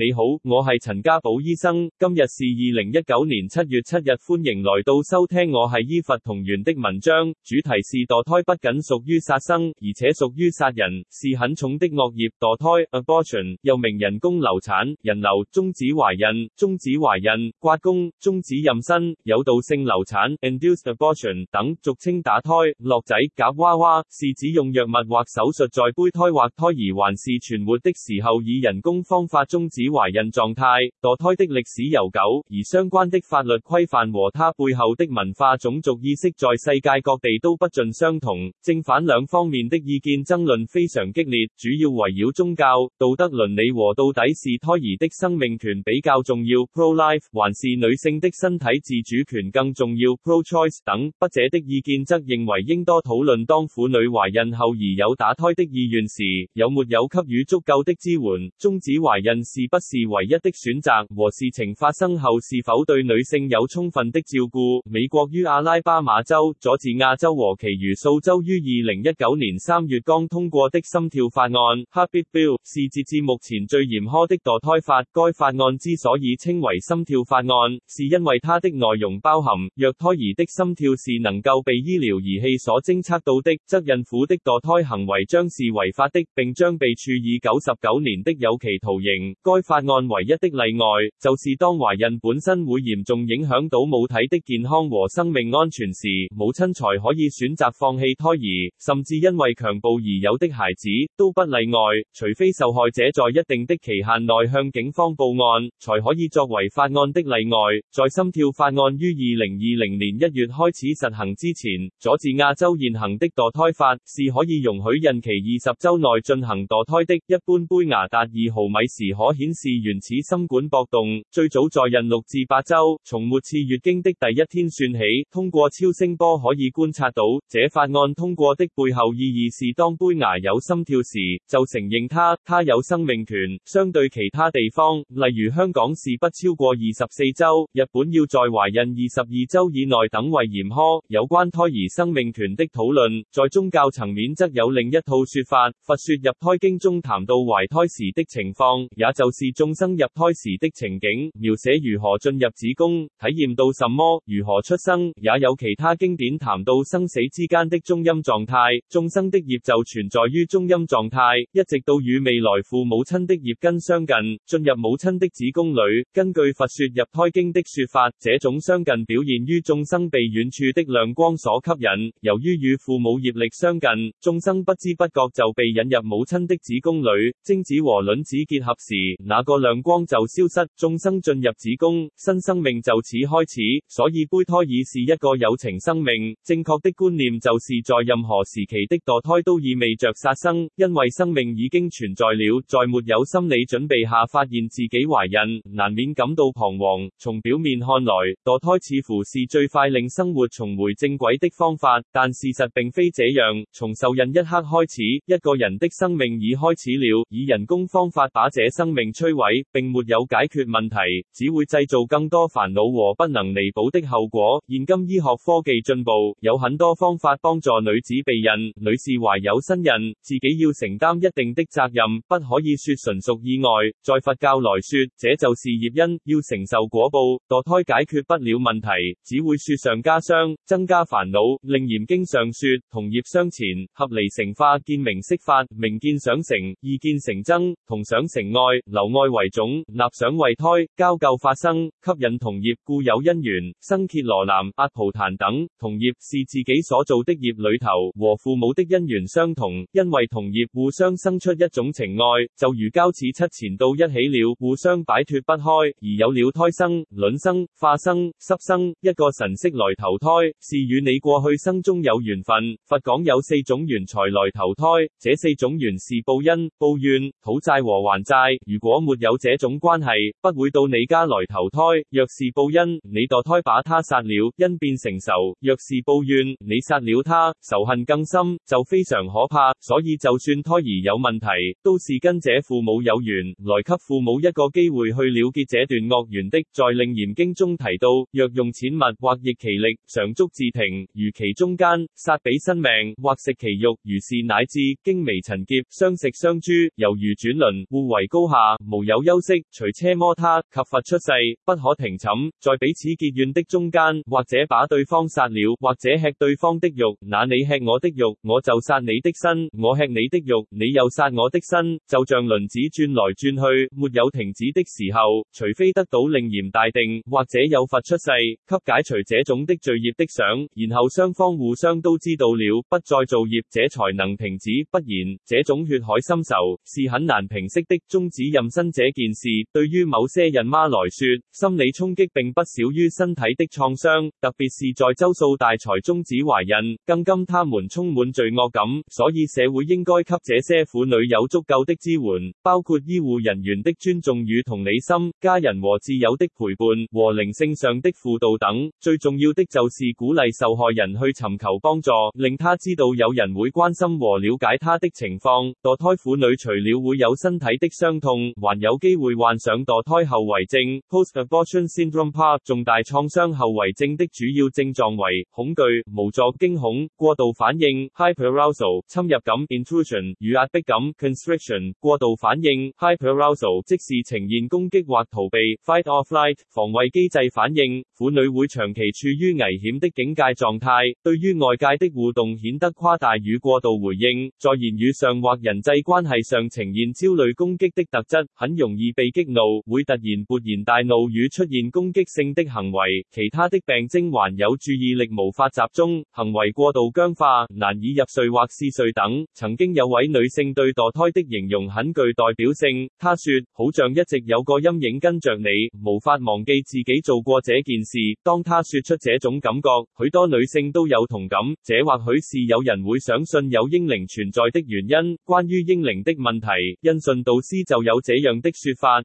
你好，我係陳家寶醫生。今日是二零一九年七月七日，歡迎來到收聽我係醫佛同源的文章。主題是墮胎不僅屬於殺生，而且屬於殺人，是很重的惡業。墮胎 （abortion） 又名人工流產、人流、終止懷孕、終止懷孕、刮宮、終止妊娠、有道性流產 （induced abortion） 等，俗稱打胎、落仔、夾娃娃，是指用藥物或手術在胚胎或胎兒還是存活的時候，以人工方法終止。懷孕狀態。墮胎的歷史悠久，而相關的法律規範和它背後的文化、種族意識在世界各地都不盡相同。正反兩方面的意見爭論非常激烈，主要圍繞宗教、道德、倫理和到底是胎兒的生命權比較重要 （pro-life） 還是女性的身體自主權更重要 （pro-choice） 等。筆者的意見則認為，應多討論當婦女懷孕後而有打胎的意願時，有沒有給予足夠的支援，終止懷孕是不。是唯一的選擇和事情發生後是否對女性有充分的照顧。美國於阿拉巴馬州、佐治亞州和其餘數州於二零一九年三月剛通過的心跳法案 h a b e t bill） 是截至目前最嚴苛的墮胎法。該法案之所以稱為心跳法案，是因為它的內容包含若胎兒的心跳是能夠被醫療儀器所偵測到的，則孕婦的墮胎行為將是違法的，並將被處以九十九年的有期徒刑。該法案唯一的例外，就是當懷孕本身會嚴重影響到母體的健康和生命安全時，母親才可以選擇放棄胎兒。甚至因為強暴而有的孩子都不例外，除非受害者在一定的期限內向警方報案，才可以作為法案的例外。在心跳法案於二零二零年一月開始實行之前，佐治亞州現行的墮胎法是可以容許孕期二十周內進行墮胎的。一般胚芽達二毫米時可顯。是原始心管搏動，最早在孕六至八周，從末次月經的第一天算起，通過超聲波可以觀察到。這法案通過的背後意義是，當胚胎有心跳時，就承認他，他有生命權。相對其他地方，例如香港是不超過二十四周，日本要在懷孕二十二周以內等為嚴苛。有關胎兒生命權的討論，在宗教層面則有另一套說法。佛說入胎經中談到懷胎時的情況，也就是是眾生入胎時的情景，描寫如何進入子宮，體驗到什麼，如何出生，也有其他經典談到生死之間的中音狀態，眾生的業就存在於中陰狀態，一直到與未來父母親的業根相近，進入母親的子宮裏。根據佛說入胎經的說法，這種相近表現於眾生被遠處的亮光所吸引，由於與父母業力相近，眾生不知不覺就被引入母親的子宮裏，精子和卵子結合時，那個亮光就消失，眾生進入子宮，新生命就此開始。所以胚胎已是一個有情生命。正確的觀念就是在任何時期的墮胎都意味着殺生，因為生命已經存在了。在沒有心理準備下發現自己懷孕，難免感到彷徨。從表面看來，墮胎似乎是最快令生活重回正軌的方法，但事實並非這樣。從受孕一刻開始，一個人的生命已開始了。以人工方法把這生命。摧毀並沒有解決問題，只會製造更多煩惱和不能彌補的後果。現今醫學科技進步，有很多方法幫助女子避孕。女士懷有身孕，自己要承擔一定的責任，不可以說純屬意外。在佛教來說，這就是業因要承受果報。墮胎解決不了問題，只會雪上加霜，增加煩惱。《楞嚴經》上說，同業相前，合離成化，見明色法，明見想成，意見成憎，同想成愛流愛為種，納想為胎，交舊發生，吸引同業故有因緣，生揭羅南阿蒲檀等。同業是自己所做的業裏頭和父母的因緣相同，因為同業互相生出一種情愛，就如膠似漆纏到一起了，互相擺脫不開，而有了胎生、卵生、化生、濕生，一個神識來投胎，是與你過去生中有緣分。佛講有四種緣才來投胎，這四種緣是報恩、報怨、討債和還債。如果沒有這種關係，不會到你家來投胎。若是報恩，你墮胎把他殺了，恩變成仇；若是報怨，你殺了他，仇恨更深，就非常可怕。所以就算胎兒有問題，都是跟這父母有緣，來給父母一個機會去了結這段惡緣的。在《楞嚴經》中提到，若用錢物或役其力，常足自停；如其中間殺彼身命或食其肉，如是乃至經微塵劫，相食相誅，猶如轉輪，互為高下。無有休息，除奢摩他及佛出世，不可停寢。在彼此結怨的中間，或者把對方殺了，或者吃對方的肉。那你吃我的肉，我就殺你的身；我吃你的肉，你又殺我的身。就像輪子轉來轉去，沒有停止的時候，除非得到楞嚴大定，或者有佛出世，給解除這種的罪孽的想，然後雙方互相都知道了，不再造業，這才能停止。不然，這種血海深仇是很難平息的。終止任。身這件事對於某些孕媽來說，心理衝擊並不少於身體的創傷，特別是在周數大才終止懷孕，更令他們充滿罪惡感。所以社會應該給這些婦女有足夠的支援，包括醫護人員的尊重與同理心、家人和摯友的陪伴和靈性上的輔導等。最重要的就是鼓勵受害人去尋求幫助，令他知道有人會關心和了解他的情況。墮胎婦女除了會有身體的傷痛，還有機會患上墮胎後遺症 （post-abortion syndrome）。part 重大創傷後遺症的主要症狀為恐懼、無助、驚恐、過度反應 （hyperarousal）、hyperarousal, 侵入感 （intrusion） 與壓迫感 （constriction）、constriction, 過度反應 （hyperarousal）。hyperarousal, 即是呈現攻擊或逃避 （fight or flight） 防衛機制反應。婦女會長期處於危險的警戒狀態，對於外界的互動顯得誇大與過度回應，在言語上或人際關係上呈現焦慮攻擊的特質。很容易被激怒，會突然勃然大怒與出現攻擊性的行為。其他的病徵還有注意力無法集中、行為過度僵化、難以入睡或嗜睡等。曾經有位女性對墮胎的形容很具代表性，她說：「好像一直有個陰影跟着你，無法忘記自己做過這件事。當她說出這種感覺，許多女性都有同感。這或許是有人會相信有嬰靈存在的原因。關於嬰靈的問題，印順導師就有這。這樣的說法，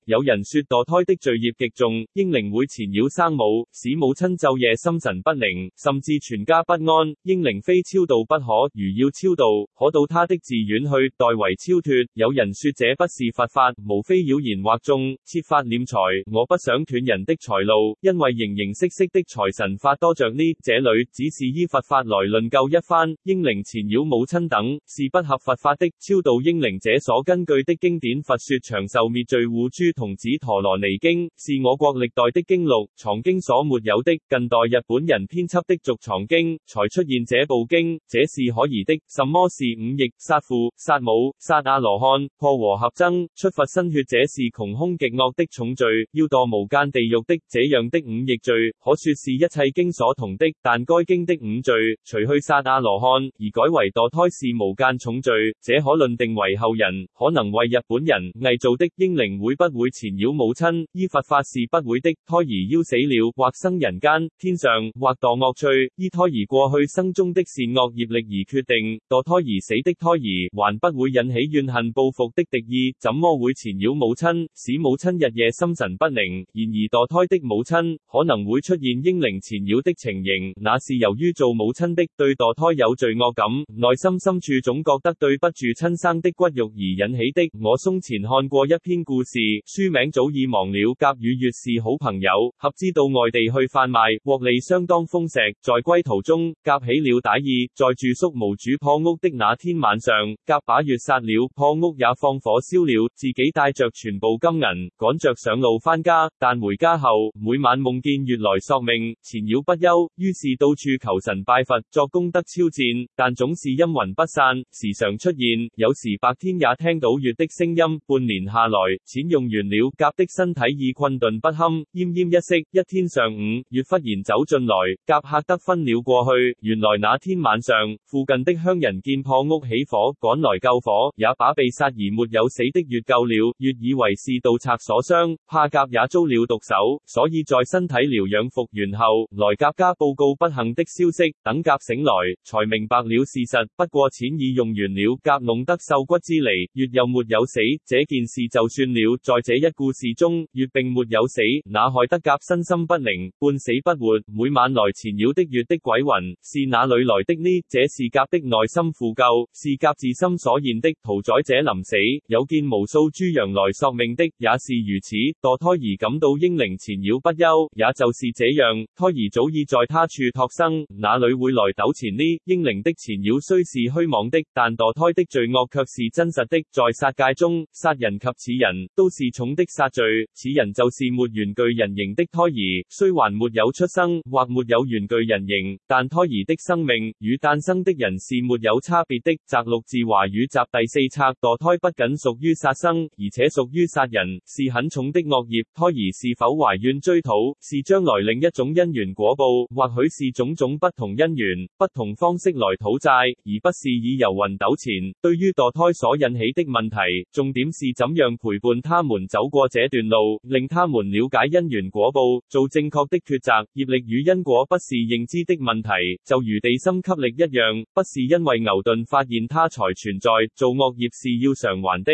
有人說墮胎的罪孽極重，英靈會纏繞生母，使母親晝夜心神不寧，甚至全家不安。英靈非超度不可，如要超度，可到他的寺院去代為超脱。有人說這不是佛法，無非妖言惑眾，設法斂財。我不想斷人的財路，因為形形色色的財神法多着呢。這裏只是依佛法來論究一番。英靈纏繞母親等是不合佛法的，超度英靈者所根據的經典佛說長壽。滅罪護珠童子陀羅尼經是我國歷代的經錄藏經所沒有的，近代日本人編輯的續藏經才出現這部經，這是可疑的。什麼是五逆殺父、殺母、殺阿羅漢、破和合僧、出佛身血？這是窮凶極惡的重罪，要墮無間地獄的。這樣的五逆罪，可說是一切經所同的。但該經的五罪，除去殺阿羅漢而改為墮胎是無間重罪，這可論定為後人可能為日本人偽造的。嬰靈會不會纏繞母親？依佛法是不會的。胎兒夭死了或生人間、天上或墮惡趣，依胎兒過去生中的善惡業力而決定。墮胎而死的胎兒還不會引起怨恨報復的敵意，怎麼會纏繞母親，使母親日夜心神不寧？然而墮胎的母親可能會出現嬰靈纏繞的情形，那是由於做母親的對墮胎有罪惡感，內心深處總覺得對不住親生的骨肉而引起的。我從前看過一篇故事書名早已忘了，甲與乙是好朋友，合資到外地去販賣，獲利相當豐碩。在歸途中，甲起了歹意，在住宿無主破屋的那天晚上，甲把月殺了，破屋也放火燒了，自己帶着全部金銀，趕着上路回家。但回家後，每晚夢見月來索命，纏繞不休，於是到處求神拜佛，作功德超薦，但總是陰魂不散，時常出現，有時白天也聽到月的聲音。半年下來錢用完了，甲的身體已困頓不堪，奄奄一息。一天上午，月忽然走進來，甲嚇得昏了過去。原來那天晚上，附近的鄉人見破屋起火，趕來救火，也把被殺而沒有死的月救了。月以為是盜賊所傷，怕甲也遭了毒手，所以在身體療養復原後，來甲家報告不幸的消息。等甲醒來，才明白了事實。不過錢已用完了，甲弄得瘦骨之離，月又沒有死，這件事就算了，在這一故事中，月並沒有死，那害得甲身心不寧，半死不活。每晚來纏繞的月的鬼魂是哪裏來的呢？這是甲的內心負疚，是甲自心所現的。屠宰者臨死有見無數豬羊來索命的，也是如此。墮胎而感到嬰靈纏繞不休，也就是這樣，胎兒早已在他處托生，哪裏會來糾纏呢？嬰靈的纏繞雖是虛妄的，但墮胎的罪惡卻是真實的。在殺戒中，殺人及此人都是重的殺罪，此人就是沒完具人形的胎兒，雖還沒有出生或沒有完具人形，但胎兒的生命與誕生的人是沒有差別的。摘錄自《華語》摘第四冊，墮胎不僅屬於殺生，而且屬於殺人，是很重的惡業。胎兒是否懷怨追討，是將來另一種因緣果報，或許是種種不同因緣、不同方式來討債，而不是以遊魂糾纏。對於墮胎所引起的問題，重點是怎樣陪伴他們走過這段路，令他們了解因緣果報，做正確的抉擇。業力與因果不是認知的問題，就如地心吸力一樣，不是因為牛頓發現它才存在，做惡業是要償還的。